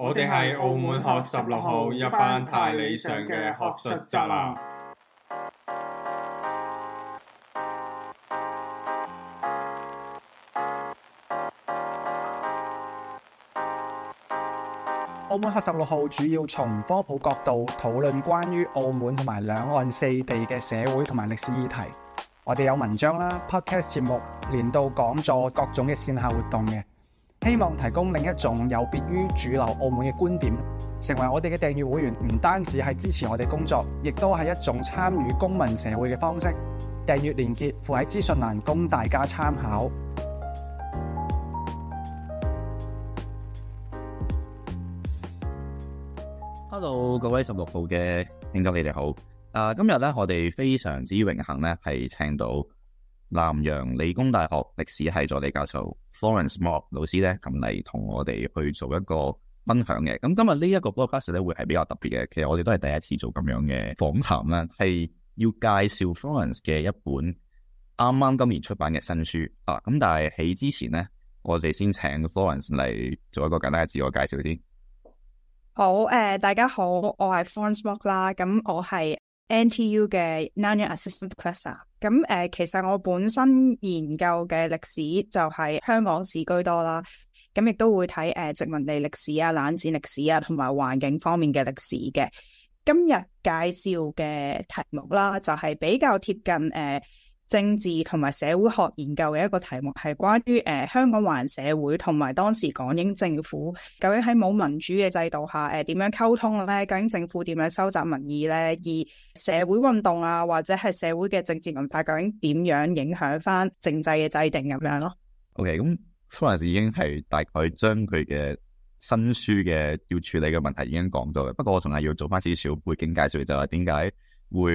我哋係澳門學十六號一班太理想嘅學術宅男。澳門學十六號主要從科普角度討論關於澳門同埋兩岸四地嘅社會同埋歷史議題。我哋有文章啦、podcast 節目、年度講座、各種嘅線下活動嘅。希望提供另一種有別於主流澳門嘅觀點，成為我哋嘅訂閱會員，唔單止係支持我哋工作，亦都係一種參與公民社會嘅方式。訂閱鏈接附喺資訊欄，供大家參考。Hello，各位十六號嘅聽眾，你哋好。啊、呃，今日呢，我哋非常之榮幸呢係請到。南洋理工大學歷史系助理教授 Florence Mok 老師咧，咁嚟同我哋去做一個分享嘅。咁今日呢一個 broadcast 咧會係比較特別嘅，其實我哋都係第一次做咁樣嘅訪談啦，係要介紹 Florence 嘅一本啱啱今年出版嘅新書啊。咁但係喺之前咧，我哋先請 Florence 嚟做一個簡單嘅自我介紹先。好，誒、呃，大家好，我係 Florence Mok 啦，咁我係。NTU 嘅 Nanyang assistant professor，咁誒、呃、其實我本身研究嘅歷史就係香港史居多啦，咁亦都會睇誒、呃、殖民地歷史啊、冷戰歷史啊同埋環境方面嘅歷史嘅。今日介紹嘅題目啦，就係、是、比較貼近誒、呃政治同埋社會學研究嘅一個題目，係關於誒、呃、香港華人社會同埋當時港英政府究竟喺冇民主嘅制度下誒點、呃、樣溝通咧？究竟政府點樣收集民意咧？而社會運動啊，或者係社會嘅政治文化究竟點樣影響翻政制嘅制定咁樣咯？OK，咁 Florence 已經係大概將佢嘅新書嘅要處理嘅問題已經講咗，不過我仲係要做翻少少背景介紹，就係點解會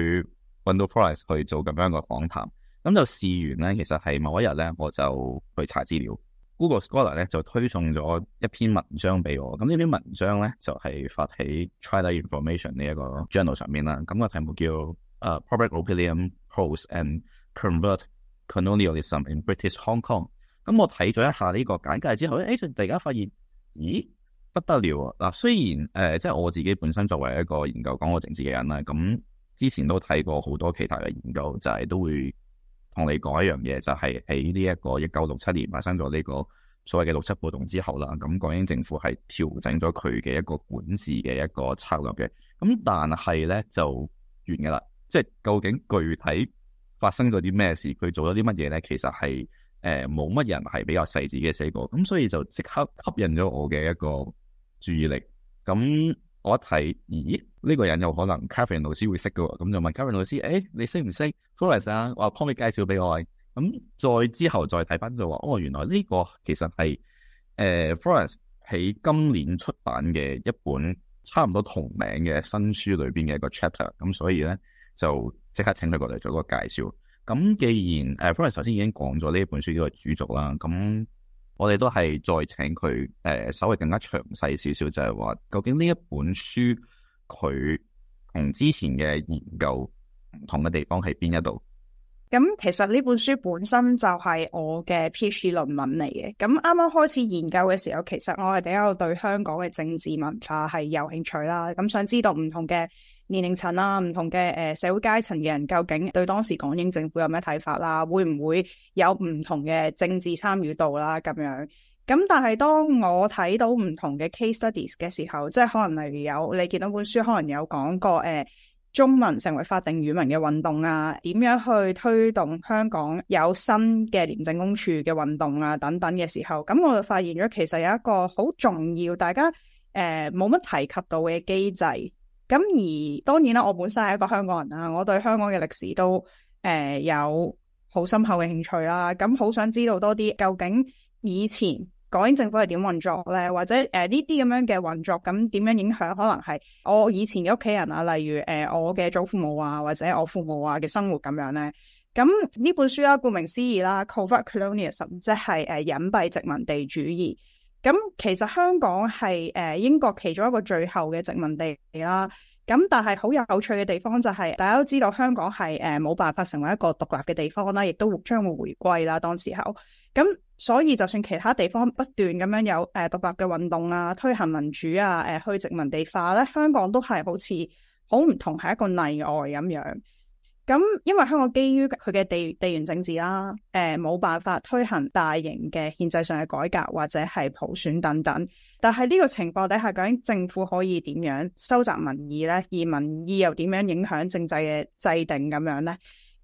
揾到 Florence 去做咁樣一個訪談。咁就試完咧，其實係某一日咧，我就去查資料，Google Scholar 咧就推送咗一篇文章俾我。咁呢篇文章咧就係、是、發喺 China Information 呢一個 journal 上面啦。咁、那個題目叫誒 Public Opinion Polls and Covert Colonialism in British Hong Kong。咁我睇咗一下呢個簡介之後，誒突然間發現，咦不得了啊！嗱，雖然即係、呃就是、我自己本身作為一個研究港澳政治嘅人啦，咁之前都睇過好多其他嘅研究，就係、是、都會。同你講一樣嘢，就係喺呢一個一九六七年發生咗呢個所謂嘅六七暴動之後啦，咁港英政府係調整咗佢嘅一個管治嘅一個策略嘅。咁但係咧就完嘅啦，即係究竟具體發生咗啲咩事，佢做咗啲乜嘢咧？其實係誒冇乜人係比較細緻嘅寫過，咁所以就即刻吸引咗我嘅一個注意力。咁我一睇，咦？呢、這個人有可能 Carvin 老師會識嘅喎，咁就問 Carvin 老師：誒、哎，你識唔識 Florence 啊？我幫你介紹俾我、啊。咁再之後再睇翻佢話，哦，原來呢個其實係、呃、Florence 喺今年出版嘅一本差唔多同名嘅新書裏面嘅一個 chapter。咁所以咧，就即刻請佢過嚟做個介紹。咁既然、呃、Florence 首先已經講咗呢本書嘅主軸啦，咁。我哋都係再請佢，誒、呃，稍微更加詳細少少，就係話，究竟呢一本書佢同之前嘅研究唔同嘅地方喺邊一度？咁其實呢本書本身就係我嘅 PhD 論文嚟嘅。咁啱啱開始研究嘅時候，其實我係比較對香港嘅政治文化係有興趣啦。咁想知道唔同嘅。年齡層啦，唔同嘅誒、呃、社會階層嘅人，究竟對當時港英政府有咩睇法啦？會唔會有唔同嘅政治參與度啦？咁樣咁，但係當我睇到唔同嘅 case studies 嘅時候，即係可能例如有你見到本書，可能有講過誒、呃、中文成為法定語文嘅運動啊，點樣去推動香港有新嘅廉政公署嘅運動啊，等等嘅時候，咁我就發現咗其實有一個好重要，大家誒冇乜提及到嘅機制。咁而當然啦，我本身係一個香港人啦，我對香港嘅歷史都誒有好深厚嘅興趣啦。咁好想知道多啲究竟以前港英政府係點運作咧，或者誒呢啲咁樣嘅運作，咁點樣影響可能係我以前嘅屋企人啊，例如，呃，我嘅祖父母啊，或者我父母啊嘅生活咁樣咧。咁呢本書啦，顧名思義啦，Covert Colonialism 即係誒隱蔽殖民地主義。咁其實香港係誒英國其中一個最後嘅殖民地嚟啦，咁但係好有趣嘅地方就係大家都知道香港係誒冇辦法成為一個獨立嘅地方啦，亦都將會回歸啦當時候，咁所以就算其他地方不斷咁樣有誒獨立嘅運動啦、推行民主啊，誒去殖民地化咧，香港都係好似好唔同係一個例外咁樣。咁，因為香港基於佢嘅地地緣政治啦、啊，冇、呃、辦法推行大型嘅憲制上嘅改革或者係普選等等。但係呢個情況底下，究竟政府可以點樣收集民意呢？而民意又點樣影響政制嘅制定咁樣呢？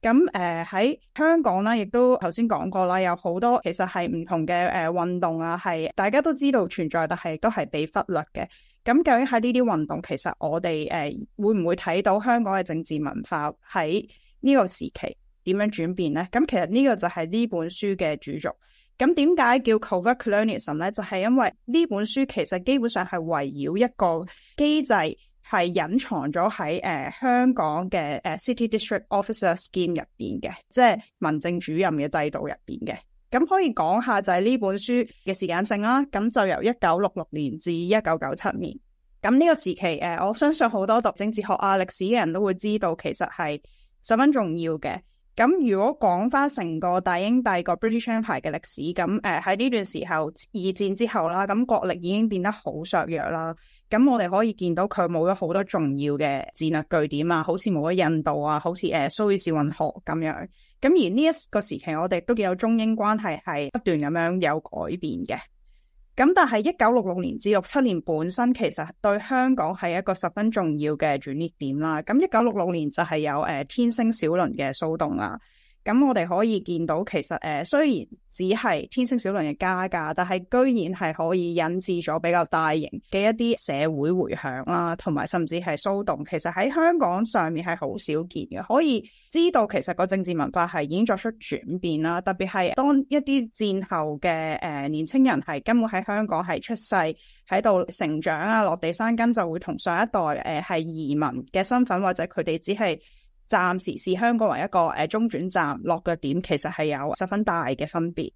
咁喺、呃、香港啦，亦都頭先講過啦，有好多其實係唔同嘅誒、呃、運動啊，係大家都知道存在，但係都係被忽略嘅。咁究竟喺呢啲運動，其實我哋誒、呃、會唔會睇到香港嘅政治文化喺呢個時期點樣轉變呢？咁其實呢個就係呢本書嘅主軸。咁點解叫 Covert colonialism 咧？就係、是、因為呢本書其實基本上係圍繞一個機制，係隱藏咗喺誒香港嘅誒、呃、City District Officer Scheme 入邊嘅，即係民政主任嘅制度入邊嘅。咁可以講下就係呢本書嘅時間性啦，咁就由一九六六年至一九九七年。咁呢個時期，誒，我相信好多讀政治學啊、歷史嘅人都會知道，其實係十分重要嘅。咁如果講翻成個大英帝國 British Empire 嘅歷史，咁誒喺呢段時候二戰之後啦，咁國力已經變得好削弱啦。咁我哋可以見到佢冇咗好多重要嘅戰略據點啊，好似冇咗印度啊，好似誒蘇伊士運河咁樣。咁而呢一個時期，我哋都見有中英關係係不斷咁樣有改變嘅。咁但係一九六六年至六七年本身其實對香港係一個十分重要嘅轉捩點啦。咁一九六六年就係有誒天星小輪嘅騷動啦。咁我哋可以見到，其實，誒雖然只係天星小輪嘅加價，但係居然係可以引致咗比較大型嘅一啲社會回響啦，同埋甚至係騷動。其實喺香港上面係好少見嘅，可以知道其實個政治文化係已經作出轉變啦。特別係當一啲戰後嘅誒年青人係根本喺香港係出世喺度成長啊，落地生根就會同上一代誒係移民嘅身份，或者佢哋只係。暫時是香港為一,一個中轉站落腳點，其實係有十分大嘅分別。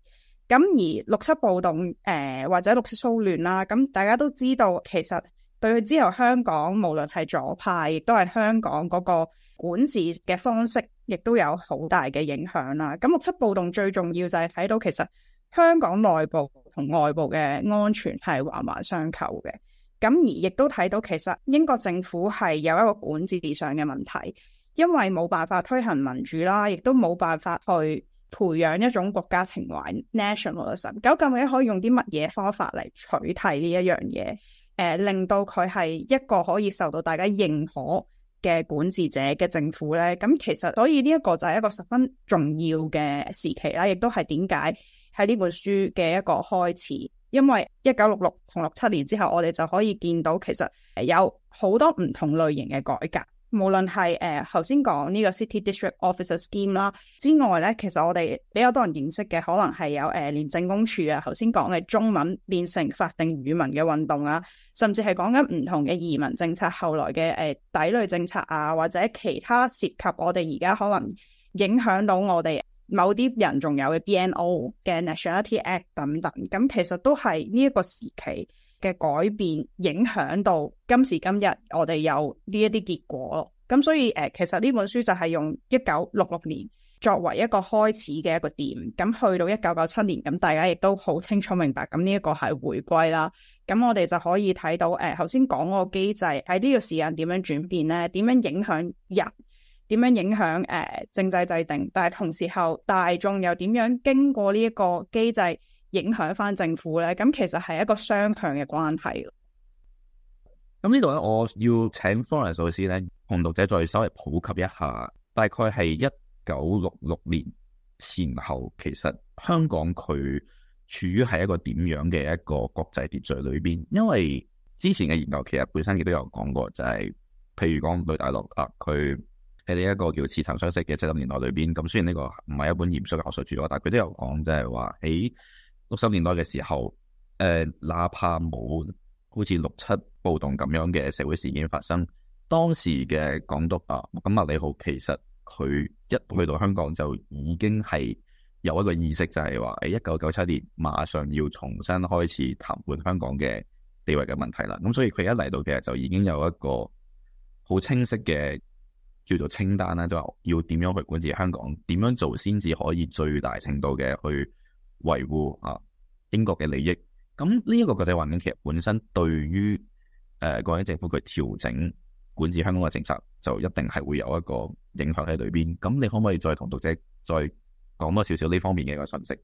咁而六七暴動、呃、或者六七騷亂啦，咁大家都知道其實對佢之後香港無論係左派亦都係香港嗰個管治嘅方式，亦都有好大嘅影響啦。咁六七暴動最重要就係睇到其實香港內部同外部嘅安全係環環相扣嘅。咁而亦都睇到其實英國政府係有一個管治，治上嘅問題。因為冇辦法推行民主啦，亦都冇辦法去培養一種國家情懷 nationalism。National ism，究竟可以用啲乜嘢方法嚟取替呢一樣嘢？誒、呃，令到佢係一個可以受到大家認可嘅管治者嘅政府咧？咁其實所以呢一個就係一個十分重要嘅時期啦，亦都係點解喺呢本書嘅一個開始。因為一九六六同六七年之後，我哋就可以見到其實有好多唔同類型嘅改革。無論係誒頭先講呢個 City District Officers Scheme 啦之外咧，其實我哋比較多人認識嘅，可能係有誒廉、呃、政公署啊。頭先講嘅中文變成法定語文嘅運動啦、啊，甚至係講緊唔同嘅移民政策，後來嘅誒、呃、底類政策啊，或者其他涉及我哋而家可能影響到我哋某啲人仲有嘅 BNO 嘅 Nationality Act 等等，咁其實都係呢一個時期嘅改變，影響到今時今日我哋有呢一啲結果。咁所以誒，其實呢本書就係用一九六六年作為一個開始嘅一個點，咁去到一九九七年，咁大家亦都好清楚明白，咁呢一個係回歸啦。咁我哋就可以睇到，誒、啊，頭先講個機制喺呢個時間點樣轉變咧，點樣影響人，點樣影響誒、啊、政制制定，但係同時候大眾又點樣經過呢一個機制影響翻政府咧？咁其實係一個雙向嘅關係。咁呢度咧，我要請 Florence 老師咧。同讀者再稍微普及一下，大概係一九六六年前後，其實香港佢處於係一個點樣嘅一個國際秩序裏邊。因為之前嘅研究其實本身亦都有講過、就是，就係譬如講對大陸啊，佢喺呢一個叫似曾相識嘅七十年代裏邊。咁雖然呢個唔係一本嚴肅嘅學術著作，但係佢都有講，就係話喺六十年代嘅時候，誒、呃，哪怕冇好似六七暴動咁樣嘅社會事件發生。當時嘅港督啊，咁啊，麥理浩其實佢一去到香港就已經係有一個意識，就係話誒一九九七年馬上要重新開始談判香港嘅地位嘅問題啦。咁所以佢一嚟到其實就已經有一個好清晰嘅叫做清單啦，就話、是、要點樣去管治香港，點樣做先至可以最大程度嘅去維護啊英國嘅利益。咁呢一個國際環境其實本身對於誒港英政府佢調整。管治香港嘅政策就一定係會有一個影響喺裏邊，咁你可唔可以再同讀者再講多少少呢方面嘅一個信息？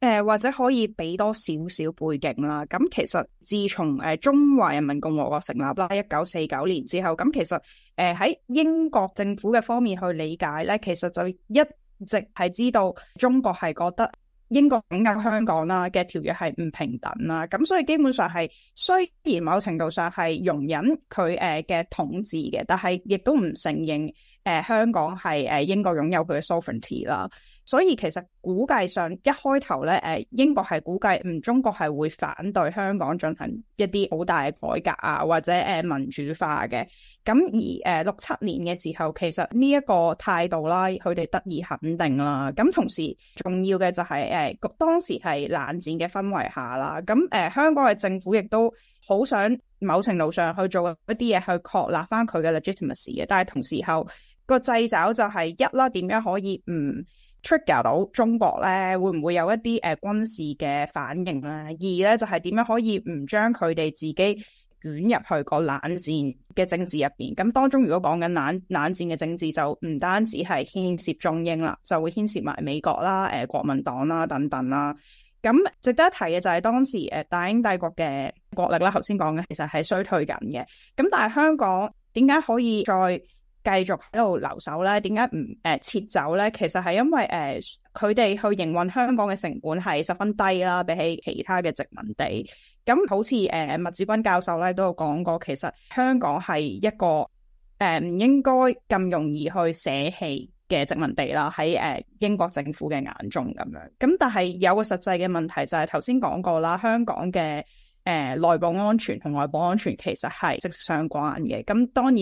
誒，或者可以俾多少少背景啦。咁其實自從誒中華人民共和國成立啦，一九四九年之後，咁其實誒喺英國政府嘅方面去理解咧，其實就一直係知道中國係覺得。英國緊握香港啦嘅條約係唔平等啦，咁所以基本上係雖然某程度上係容忍佢誒嘅統治嘅，但係亦都唔承認誒、呃、香港係誒英國擁有佢嘅 sovereignty 啦。所以其實估計上一開頭咧，誒英國係估計唔中國係會反對香港進行一啲好大嘅改革啊，或者誒民主化嘅。咁而誒六七年嘅時候，其實呢一個態度啦，佢哋得以肯定啦。咁同時重要嘅就係、是。誒，當時係冷戰嘅氛圍下啦，咁誒、呃，香港嘅政府亦都好想某程度上去做一啲嘢，去確立翻佢嘅 legitimacy 嘅，但係同時候，個掣肘就係一啦，點樣可以唔 trigger 到中國咧？會唔會有一啲誒、呃、軍事嘅反應咧？二咧就係、是、點樣可以唔將佢哋自己？捲入去個冷戰嘅政治入邊，咁當中如果講緊冷冷戰嘅政治，就唔單止係牽涉中英啦，就會牽涉埋美國啦、誒國民黨啦等等啦。咁值得一提嘅就係當時誒大英帝國嘅國力啦，頭先講嘅其實係衰退緊嘅。咁但係香港點解可以再繼續喺度留守呢？點解唔誒撤走呢？其實係因為誒佢哋去營運香港嘅成本係十分低啦，比起其他嘅殖民地。咁好似誒麥子君教授咧都有講過，其實香港係一個誒唔、呃、應該咁容易去捨棄嘅殖民地啦，喺誒、呃、英國政府嘅眼中咁樣。咁但係有個實際嘅問題就係頭先講過啦，香港嘅誒、呃、內部安全同外部安全其實係息息相關嘅。咁當然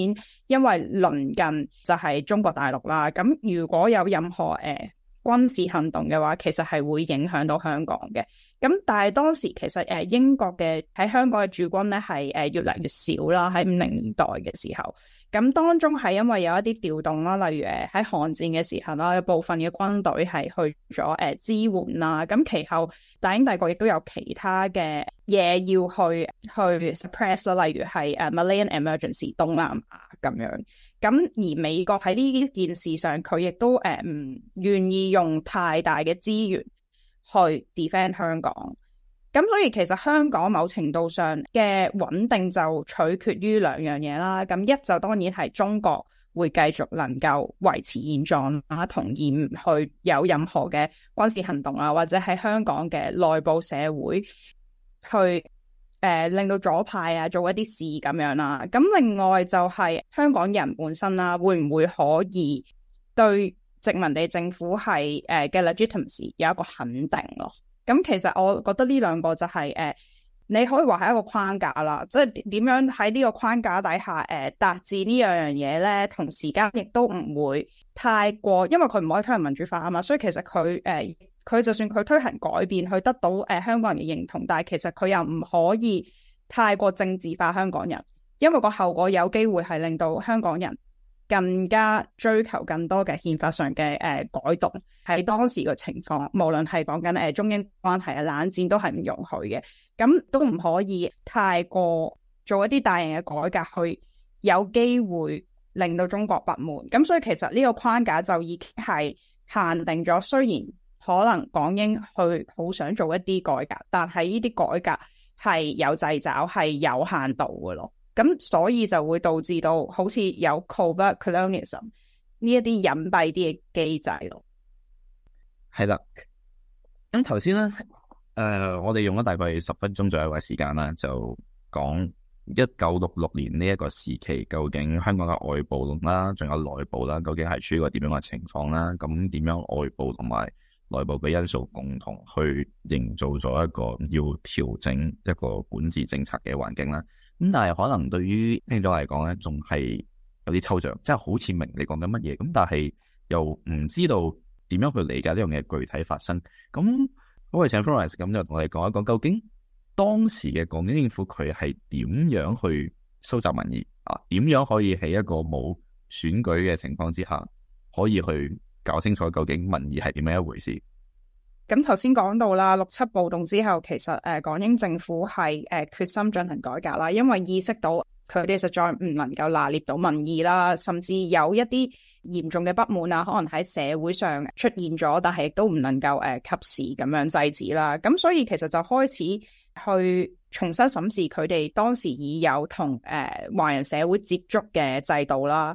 因為鄰近就係中國大陸啦，咁如果有任何誒、呃軍事行動嘅話，其實係會影響到香港嘅。咁但係當時其實誒英國嘅喺香港嘅駐軍咧係誒越嚟越少啦。喺五零年代嘅時候。咁當中係因為有一啲調動啦，例如喺韓戰嘅時候啦，有部分嘅軍隊係去咗、啊、支援啦。咁其後大英帝國亦都有其他嘅嘢要去去 suppress 啦，例如係 Malayan Emergency 東南亞咁樣。咁而美國喺呢件事上，佢亦都誒唔、啊、願意用太大嘅資源去 defend 香港。咁所以其實香港某程度上嘅穩定就取決於兩樣嘢啦。咁一就當然係中國會繼續能夠維持現狀，啊同意唔去有任何嘅軍事行動啊，或者喺香港嘅內部社會去誒、呃、令到左派啊做一啲事咁樣啦。咁另外就係香港人本身啦，啊，會唔會可以對殖民地政府係誒嘅、呃、legitimacy 有一個肯定咯？咁其實我覺得呢兩個就係誒，你可以話係一個框架啦，即係點樣喺呢個框架底下誒達至呢樣嘢呢？同時間亦都唔會太過，因為佢唔可以推行民主化啊嘛，所以其實佢誒佢就算佢推行改變，佢得到誒香港人嘅認同，但係其實佢又唔可以太過政治化香港人，因為個後果有機會係令到香港人。更加追求更多嘅憲法上嘅誒、呃、改動，喺當時嘅情況，無論係講緊誒中英關係啊冷戰都係唔容許嘅，咁都唔可以太過做一啲大型嘅改革，去有機會令到中國不滿。咁所以其實呢個框架就已經係限定咗，雖然可能港英去好想做一啲改革，但係呢啲改革係有掣肘，係有限度嘅咯。咁所以就會導致到好似有 covert colonialism 呢一啲隱蔽啲嘅機制咯，係啦。咁頭先咧，誒、呃，我哋用咗大概十分鐘左右嘅時間啦，就講一九六六年呢一個時期，究竟香港嘅外部啦，仲有內部啦，究竟係處於個點樣嘅情況啦？咁點樣外部同埋內部嘅因素共同去營造咗一個要調整一個管治政策嘅環境啦。咁但係可能對於聽眾嚟講咧，仲係有啲抽象，即係好似明你講緊乜嘢，咁但係又唔知道點樣去理解呢樣嘢具體發生。咁好，我哋請 Florence 咁就同我哋講一講，究竟當時嘅港英政府佢係點樣去收集民意啊？點樣可以喺一個冇選舉嘅情況之下，可以去？搞清楚究竟民意係點樣一回事？咁頭先講到啦，六七暴動之後，其實誒、呃，港英政府係誒、呃、決心進行改革啦，因為意識到佢哋實在唔能夠拿捏到民意啦，甚至有一啲嚴重嘅不滿啊，可能喺社會上出現咗，但係亦都唔能夠誒、呃、及時咁樣制止啦。咁所以其實就開始去重新審視佢哋當時已有同誒、呃、華人社會接觸嘅制度啦。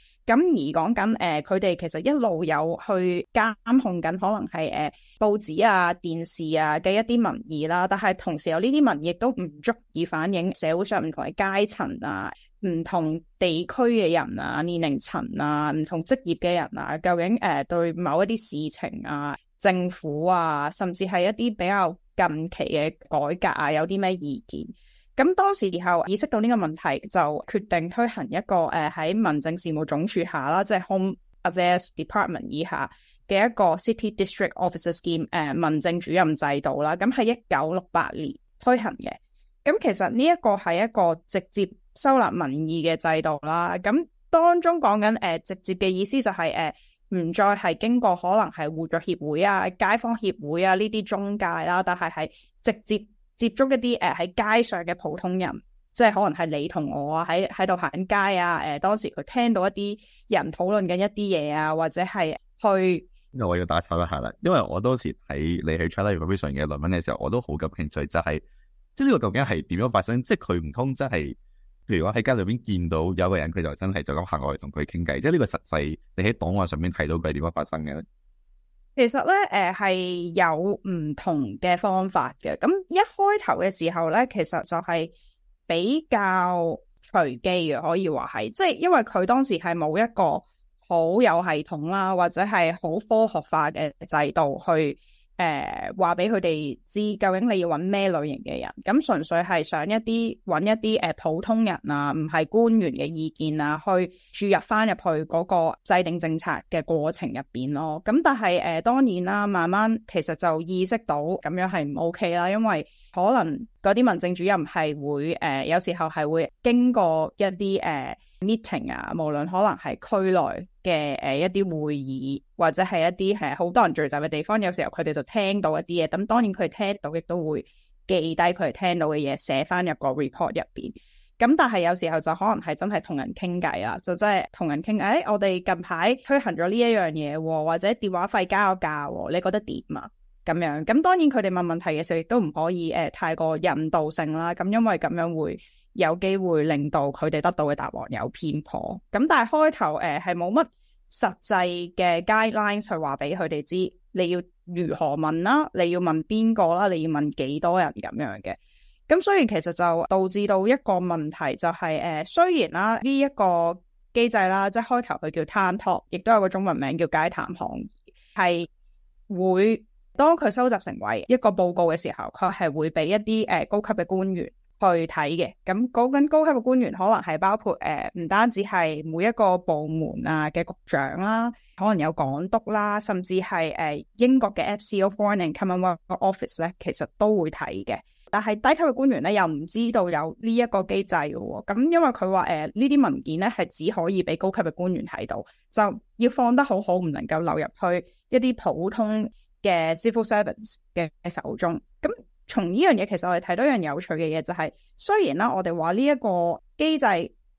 咁而講緊誒，佢哋其實一路有去監控緊，可能係誒、呃、報紙啊、電視啊嘅一啲民意啦。但係同時有呢啲民意都唔足以反映社會上唔同嘅階層啊、唔同地區嘅人啊、年齡層啊、唔同職業嘅人啊，究竟誒、呃、對某一啲事情啊、政府啊，甚至係一啲比較近期嘅改革啊，有啲咩意見？咁當時然後意識到呢個問題，就決定推行一個誒喺民政事務總署下啦，即係 Home Affairs Department 以下嘅一個 City District Officer Scheme 誒民政主任制度啦。咁喺一九六八年推行嘅。咁其實呢一個係一個直接收納民意嘅制度啦。咁當中講緊直接嘅意思就係誒唔再係經過可能係互助協會啊、街坊協會啊呢啲中介啦，但係係直接。接觸一啲誒喺街上嘅普通人，即係可能係你同我啊，喺喺度行街啊。誒當時佢聽到一啲人討論緊一啲嘢啊，或者係去。咁我要打岔一下啦，因為我當時喺你去 covert colonialism 嘅論文嘅時候，我都好感興趣、就係，就係即係呢個究竟係點樣發生？即係佢唔通真係，譬如講喺街上面見到有個人，佢就真係就咁行過去同佢傾偈。即係呢個實際你喺檔案上面睇到佢係點樣發生嘅咧？其實咧，誒係有唔同嘅方法嘅。咁一開頭嘅時候咧，其實就係比較隨機嘅，可以話係，即係因為佢當時係冇一個好有系統啦，或者係好科學化嘅制度去。誒，話俾佢哋知究竟你要揾咩類型嘅人，咁純粹係想一啲揾一啲誒普通人啊，唔係官員嘅意見啊，去注入翻入去嗰個制定政策嘅過程入邊咯。咁但係誒、呃，當然啦，慢慢其實就意識到咁樣係唔 OK 啦，因為。可能嗰啲民政主任係會誒、呃，有時候係會經過一啲誒、呃、meeting 啊，無論可能係區內嘅誒、呃、一啲會議，或者係一啲係好多人聚集嘅地方，有時候佢哋就聽到一啲嘢。咁、嗯、當然佢聽到亦都會記低佢聽到嘅嘢，寫翻入個 report 入邊。咁、嗯、但係有時候就可能係真係同人傾偈啊，就真係同人傾誒、哎，我哋近排推行咗呢一樣嘢，或者電話費加個價，你覺得點啊？咁樣咁，當然佢哋問問題嘅時候亦都唔可以誒、呃、太過引導性啦。咁、嗯、因為咁樣會有機會令到佢哋得到嘅答案有偏頗。咁、嗯、但係開頭誒係冇乜實際嘅 guidelines 去話俾佢哋知，你要如何問啦，你要問邊個啦，你要問幾多人咁樣嘅。咁所以其實就導致到一個問題就係、是、誒、呃、雖然啦呢一、這個機制啦，即係開頭佢叫 Town Talk，亦都有個中文名叫街談巷議，係會。當佢收集成為一個報告嘅時候，佢係會俾一啲誒、呃、高級嘅官員去睇嘅。咁高跟高級嘅官員可能係包括誒唔、呃、單止係每一個部門啊嘅局長啦、啊，可能有港督啦，甚至係誒、呃、英國嘅 F C O Foreign and Commonwealth Office 咧，其實都會睇嘅。但係低級嘅官員咧又唔知道有呢一個機制嘅、哦。咁因為佢話誒呢啲文件咧係只可以俾高級嘅官員睇到，就要放得好好，唔能夠流入去一啲普通。嘅 civil servants 嘅手中，咁從呢樣嘢，其實我哋睇到一樣有趣嘅嘢就係、是，雖然啦，我哋話呢一個機制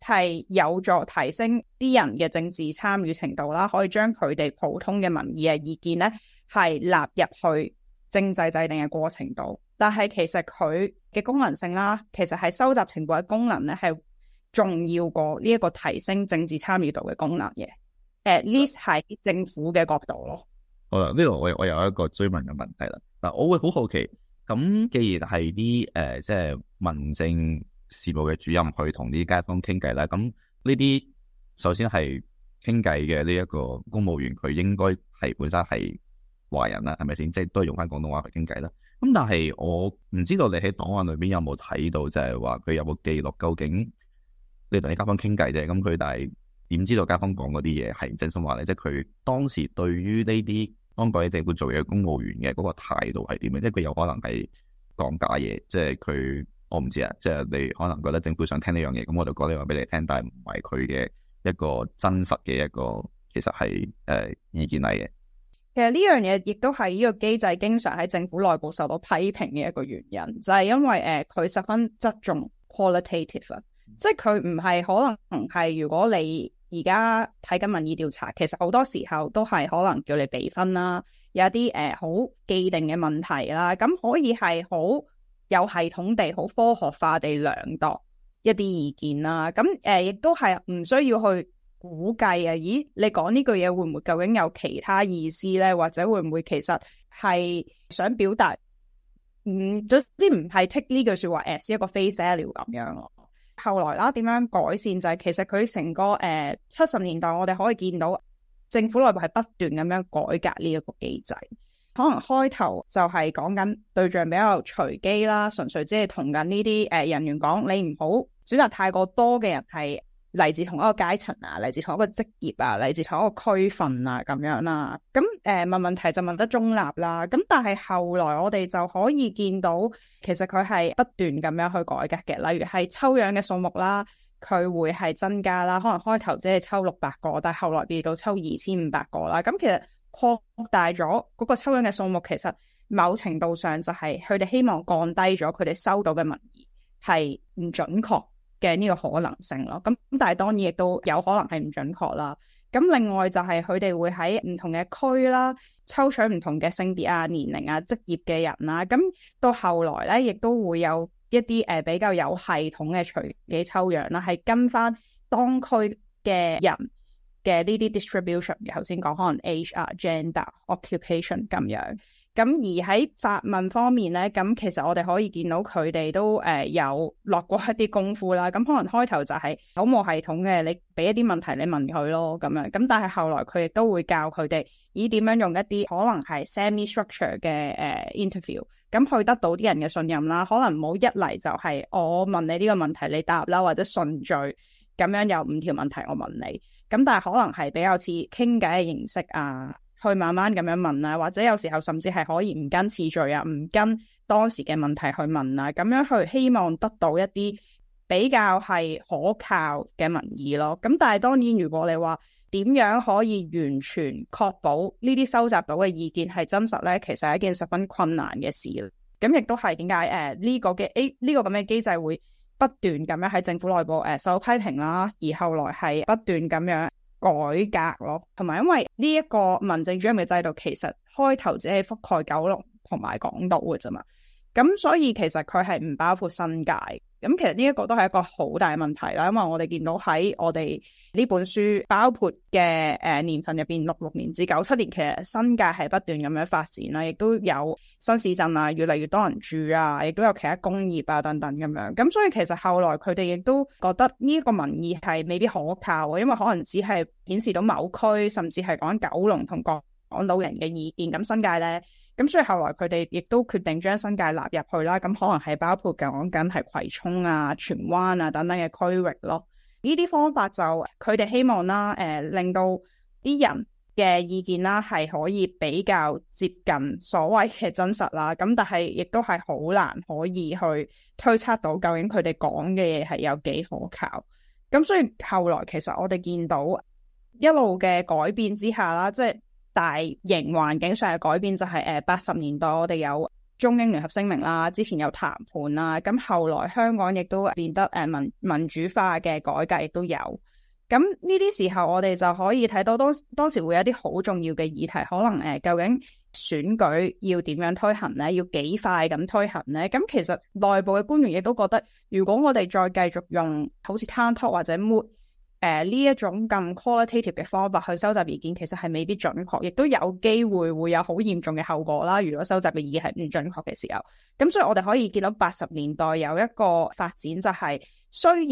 係有助提升啲人嘅政治參與程度啦，可以將佢哋普通嘅民意嘅意見咧，係納入去政制制定嘅過程度，但係其實佢嘅功能性啦，其實係收集情報嘅功能咧，係重要過呢一個提升政治參與度嘅功能嘅。誒，至少 Right .喺政府嘅角度咯。好啦，呢度我我有一個追問嘅問題啦。嗱，我會好好奇，咁既然係啲誒，即係民政事務嘅主任去同啲街坊傾偈啦，咁呢啲首先係傾偈嘅呢一個公務員，佢應該係本身係華人啦，係咪先？即係都係用翻廣東話去傾偈啦。咁但係我唔知道你喺檔案裏邊有冇睇到，就係話佢有冇記錄？究竟你同啲街坊傾偈啫，咁佢但係點知道街坊講嗰啲嘢係真心話咧？即係佢當時對於呢啲。港英政府做嘢，公務員嘅嗰個態度係點嘅？即係佢有可能係講假嘢，即係佢我唔知啊。即係你可能覺得政府想聽呢樣嘢，咁我就講呢樣俾你聽，但係唔係佢嘅一個真實嘅一個，其實係誒、呃、意見嚟嘅。其實呢樣嘢亦都係呢個機制經常喺政府內部受到批評嘅一個原因，就係、是、因為誒佢、呃、十分側重 qualitative 啊，即係佢唔係可能係如果你。而家睇緊民意調查，其實好多時候都係可能叫你俾分啦，有一啲誒好既定嘅問題啦，咁可以係好有系統地、好科學化地量度一啲意見啦。咁誒、呃、亦都係唔需要去估計啊！咦，你講呢句嘢會唔會究竟有其他意思咧？或者會唔會其實係想表達？嗯，總之唔係 take 呢句説話 as 一個 face value 咁樣咯。後來啦，點樣改善就係，其實佢成個誒七十年代，我哋可以見到政府內部係不斷咁樣改革呢一個機制。可能開頭就係講緊對象比較隨機啦，純粹只係同緊呢啲誒人員講，你唔好選擇太過多嘅人係。來自同一個階層啊，來自同一個職業啊，來自同一個區份啊，啊，咁樣啦。咁誒問問題就問得中立啦。咁但係後來我哋就可以見到，其實佢係不斷咁樣去改革嘅。例如係抽樣嘅數目啦，佢會係增加啦。可能開頭只係抽六百個，但係後來變到抽二千五百個啦。咁其實擴大咗嗰個抽樣嘅數目，其實某程度上就係佢哋希望降低咗佢哋收到嘅民意係唔準確嘅呢個可能性咯，咁但係當然亦都有可能係唔準確啦。咁另外就係佢哋會喺唔同嘅區啦，抽取唔同嘅性別啊、年齡啊、職業嘅人啦、啊。咁到後來咧，亦都會有一啲誒、呃、比較有系統嘅隨機抽樣啦、啊，係跟翻當區嘅人嘅呢啲 distribution。頭先講可能 age 啊、gender、occupation 咁樣。咁而喺發問方面咧，咁其實我哋可以見到佢哋都誒有落過一啲功夫啦。咁可能開頭就係好冇系統嘅，你俾一啲問題你問佢咯，咁樣。咁但係後來佢亦都會教佢哋以點樣用一啲可能係 semi-structure 嘅誒 interview，咁去得到啲人嘅信任啦。可能唔好一嚟就係我問你呢個問題你答啦，或者順序咁樣有五條問題我問你。咁但係可能係比較似傾偈嘅形式啊。去慢慢咁樣問啊，或者有時候甚至係可以唔跟次序啊，唔跟當時嘅問題去問啊，咁樣去希望得到一啲比較係可靠嘅民意咯。咁但係當然，如果你話點樣可以完全確保呢啲收集到嘅意見係真實呢？其實係一件十分困難嘅事。咁亦都係點解誒呢個嘅誒呢個咁嘅機制會不斷咁樣喺政府內部誒受批評啦，而後來係不斷咁樣。改革咯，同埋因為呢一個民政主任嘅制度，其實開頭只係覆蓋九龍同埋港島嘅啫嘛，咁所以其實佢係唔包括新界。咁其實呢一個都係一個好大問題啦，因為我哋見到喺我哋呢本書包括嘅誒年份入面，六六年至九七年，其實新界係不斷咁樣發展啦，亦都有新市鎮啊，越嚟越多人住啊，亦都有其他工業啊等等咁樣。咁所以其實後來佢哋亦都覺得呢個民意係未必可靠，因為可能只係顯示到某區，甚至係講九龍同港島人嘅意見。咁新界呢？咁所以後來佢哋亦都決定將新界納入去啦，咁可能係包括講緊係葵涌啊、荃灣啊等等嘅區域咯。呢啲方法就佢哋希望啦，誒、呃、令到啲人嘅意見啦係可以比較接近所謂嘅真實啦。咁但係亦都係好難可以去推測到究竟佢哋講嘅嘢係有幾可靠。咁所以後來其實我哋見到一路嘅改變之下啦，即係。大型環境上嘅改變就係誒八十年代我哋有中英聯合聲明啦，之前有談判啦，咁後來香港亦都變得誒民民主化嘅改革亦都有，咁呢啲時候我哋就可以睇到當當時會有啲好重要嘅議題，可能誒究竟選舉要點樣推行，要推行呢？要幾快咁推行呢？咁其實內部嘅官員亦都覺得，如果我哋再繼續用好似 tank talk」或者沒。誒呢一種咁 qualitative 嘅方法去收集意見，其實係未必準確，亦都有機會會有好嚴重嘅後果啦。如果收集嘅意見係唔準確嘅時候，咁所以我哋可以見到八十年代有一個發展，就是，就係雖然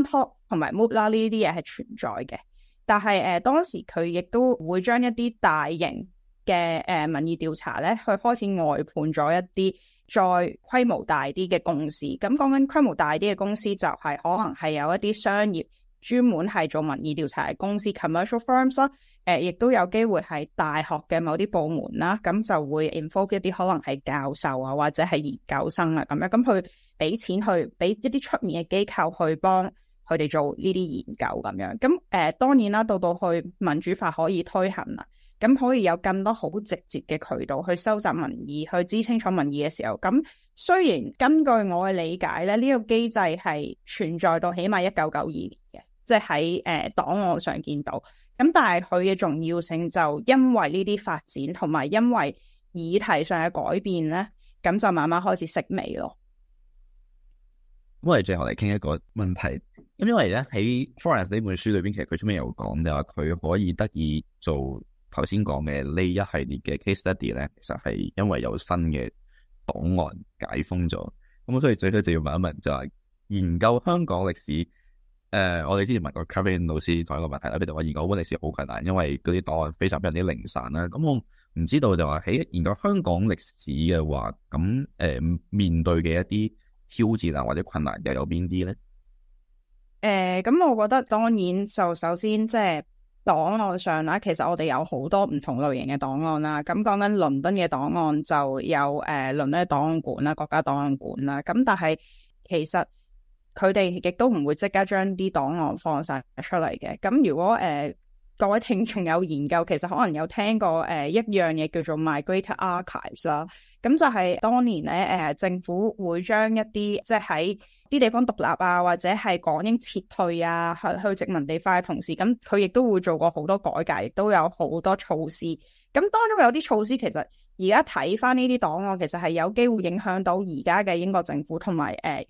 Town Talk 同埋 MOOD 啦呢啲嘢係存在嘅，但係誒、呃、當時佢亦都會將一啲大型嘅、呃、民意調查咧去開始外判咗一啲再規模大啲嘅公司。咁講緊規模大啲嘅公司就係、是、可能係有一啲商業，專門係做民意調查公司 commercial firms 啦，誒、啊，亦、呃、都有機會係大學嘅某啲部門啦、啊，咁就會 involve 一啲可能係教授啊，或者係研究生啊咁樣，咁去俾錢去俾一啲出面嘅機構去幫佢哋做呢啲研究咁樣。咁誒、呃，當然啦，到到去民主化可以推行啦、啊，咁可以有更多好直接嘅渠道去收集民意，去知清楚民意嘅時候。咁雖然根據我嘅理解咧，呢、這個機制係存在到起碼一九九二即係喺誒檔案上見到，咁但係佢嘅重要性就因為呢啲發展，同埋因為議題上嘅改變咧，咁就慢慢開始式微咯。咁我哋最後嚟傾一個問題，咁因為咧喺 Florence 呢本書裏邊，其實佢出面有講就話佢可以得以做頭先講嘅呢一系列嘅 case study 咧，其實係因為有新嘅檔案解封咗，咁所以最多就要問一問，就係、是、研究香港歷史。誒、呃，我哋之前問過 Kevin 老師同一個問題啦，譬如話，研究溫歷史好困難，因為嗰啲檔案非常之零散啦。咁我唔知道就話，喺研究香港歷史嘅話，咁、呃、誒面對嘅一啲挑戰啊或者困難又有邊啲咧？誒、呃，咁我覺得當然就首先即係檔案上啦，其實我哋有好多唔同類型嘅檔案啦。咁講緊倫敦嘅檔案就有誒倫、呃、敦檔案館啦、國家檔案館啦。咁但係其實。佢哋亦都唔會即刻將啲檔案放晒出嚟嘅。咁如果誒、呃、各位聽眾有研究，其實可能有聽過誒、呃、一樣嘢叫做 migrated archives 啦。咁就係當年咧誒、呃、政府會將一啲即係喺啲地方獨立啊，或者係港英撤退啊，去殖民地化嘅同時，咁佢亦都會做過好多改革，亦都有好多措施。咁當中有啲措施其實而家睇翻呢啲檔案，其實係有機會影響到而家嘅英國政府同埋誒，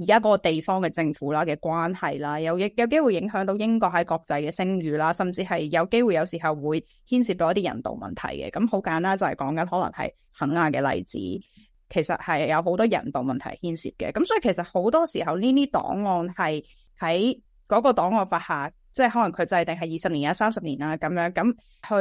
而家嗰個地方嘅政府啦嘅關係啦，有嘅有機會影響到英國喺國際嘅聲譽啦，甚至係有機會有時候會牽涉到一啲人道問題嘅。咁好簡單就係講緊可能係肯亞嘅例子，其實係有好多人道問題牽涉嘅。咁所以其實好多時候呢啲檔案係喺嗰個檔案法下，即係可能佢制定係二十年啊、三十年啊咁樣咁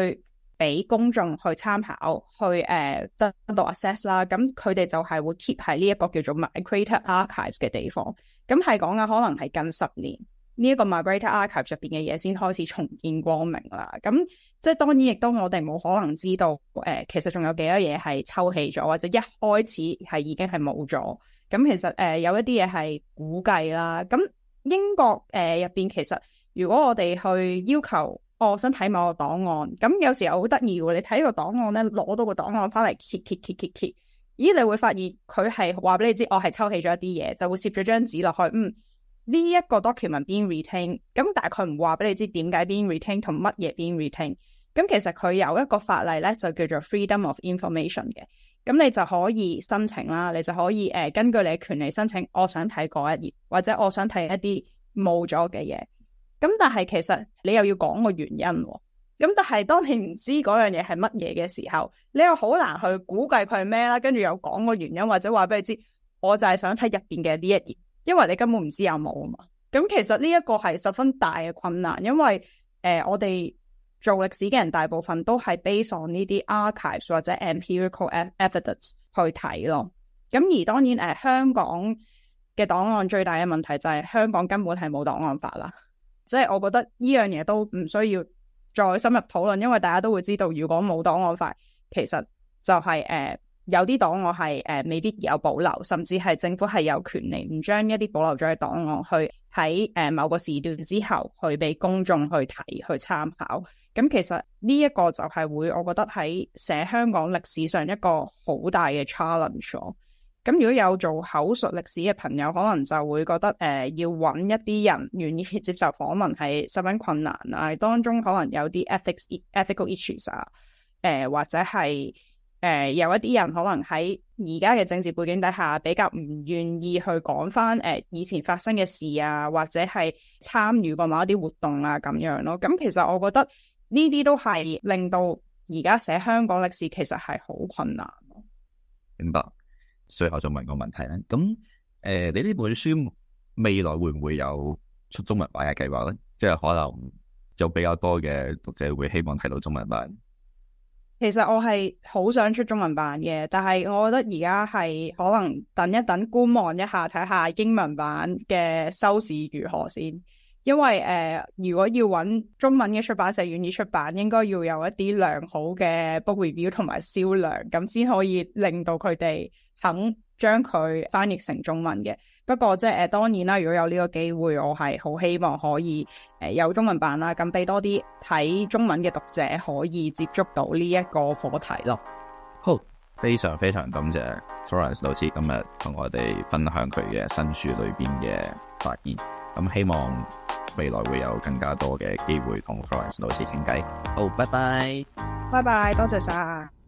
去，俾公眾去參考，去誒、uh, 得到 access 啦。咁佢哋就係會 keep 喺呢一個叫做 migrated archives 嘅地方。咁係講緊可能係近十年呢一、這個 migrated archives 入邊嘅嘢，先開始重見光明啦。咁即係當然，亦都我哋冇可能知道、呃、其實仲有幾多嘢係抽起咗，或者一開始係已經係冇咗。咁其實誒、呃、有一啲嘢係估計啦。咁英國誒入、呃、邊，其實，如果我哋去要求。我、哦、想睇某個檔案，咁有時候好得意喎。你睇個檔案咧，攞到個檔案翻嚟，揭揭揭揭揭，咦？你會發現佢係話俾你知，我係抽起咗一啲嘢，就會攝咗張紙落去。嗯，呢、這、一個 document being retained，咁大概唔話俾你知點解 being retained 同乜嘢 being retained。咁其實佢有一個法例咧，就叫做 freedom of information 嘅。咁你就可以申請啦，你就可以誒、呃，根據你嘅權利申請，我想睇嗰一頁，或者我想睇一啲冇咗嘅嘢。咁但係其實你又要講個原因，哦，咁但係當你唔知嗰樣嘢係乜嘢嘅時候，你又好難去估計佢係咩啦，跟住又講個原因或者話俾你知，我就係想睇入邊嘅呢一頁，因為你根本唔知有冇啊嘛。咁其實呢一個係十分大嘅困難，因為誒、呃、我哋做歷史嘅人大部分都係 base on 呢啲 archives 或者 empirical evidence 去睇咯。咁而當然誒、呃、香港嘅檔案最大嘅問題就係香港根本係冇檔案法啦。即係我覺得呢樣嘢都唔需要再深入討論，因為大家都會知道，如果冇檔案法，其實就係、是呃、有啲檔案係、呃、未必有保留，甚至係政府係有權利唔將一啲保留咗嘅檔案去喺、呃、某個時段之後去俾公眾去睇去參考。咁其實呢一個就係會，我覺得喺寫香港歷史上一個好大嘅 challenge。咁如果有做口述歷史嘅朋友，可能就會覺得誒、呃，要揾一啲人願意接受訪問係十分困難啊。當中可能有啲 ethics、ethical issues 啊、呃，誒或者係誒、呃、有一啲人可能喺而家嘅政治背景底下比較唔願意去講翻誒以前發生嘅事啊，或者係參與過某一啲活動啊，咁樣咯。咁其實我覺得呢啲都係令到而家寫香港歷史其實係好困難。明白。最後就問一個問題啦。咁，誒、呃，你呢本書未來會唔會有出中文版嘅計劃咧？即係可能就比較多嘅讀者會希望睇到中文版。其實我係好想出中文版嘅，但係我覺得而家係可能等一等觀望一下，睇下英文版嘅收視如何先。因為誒、呃，如果要揾中文嘅出版社願意出版，應該要有一啲良好嘅 book review 同埋銷量，咁先可以令到佢哋。肯將佢翻譯成中文嘅。不過即係誒，當然啦，如果有呢個機會，我係好希望可以誒、呃、有中文版啦，咁俾多啲睇中文嘅讀者可以接觸到呢一個課題咯。好，非常非常感謝 Florence 老師今日同我哋分享佢嘅新書裏邊嘅發現，咁希望未來會有更加多嘅機會同 Florence 老師傾偈。好，拜拜，拜拜，多謝晒。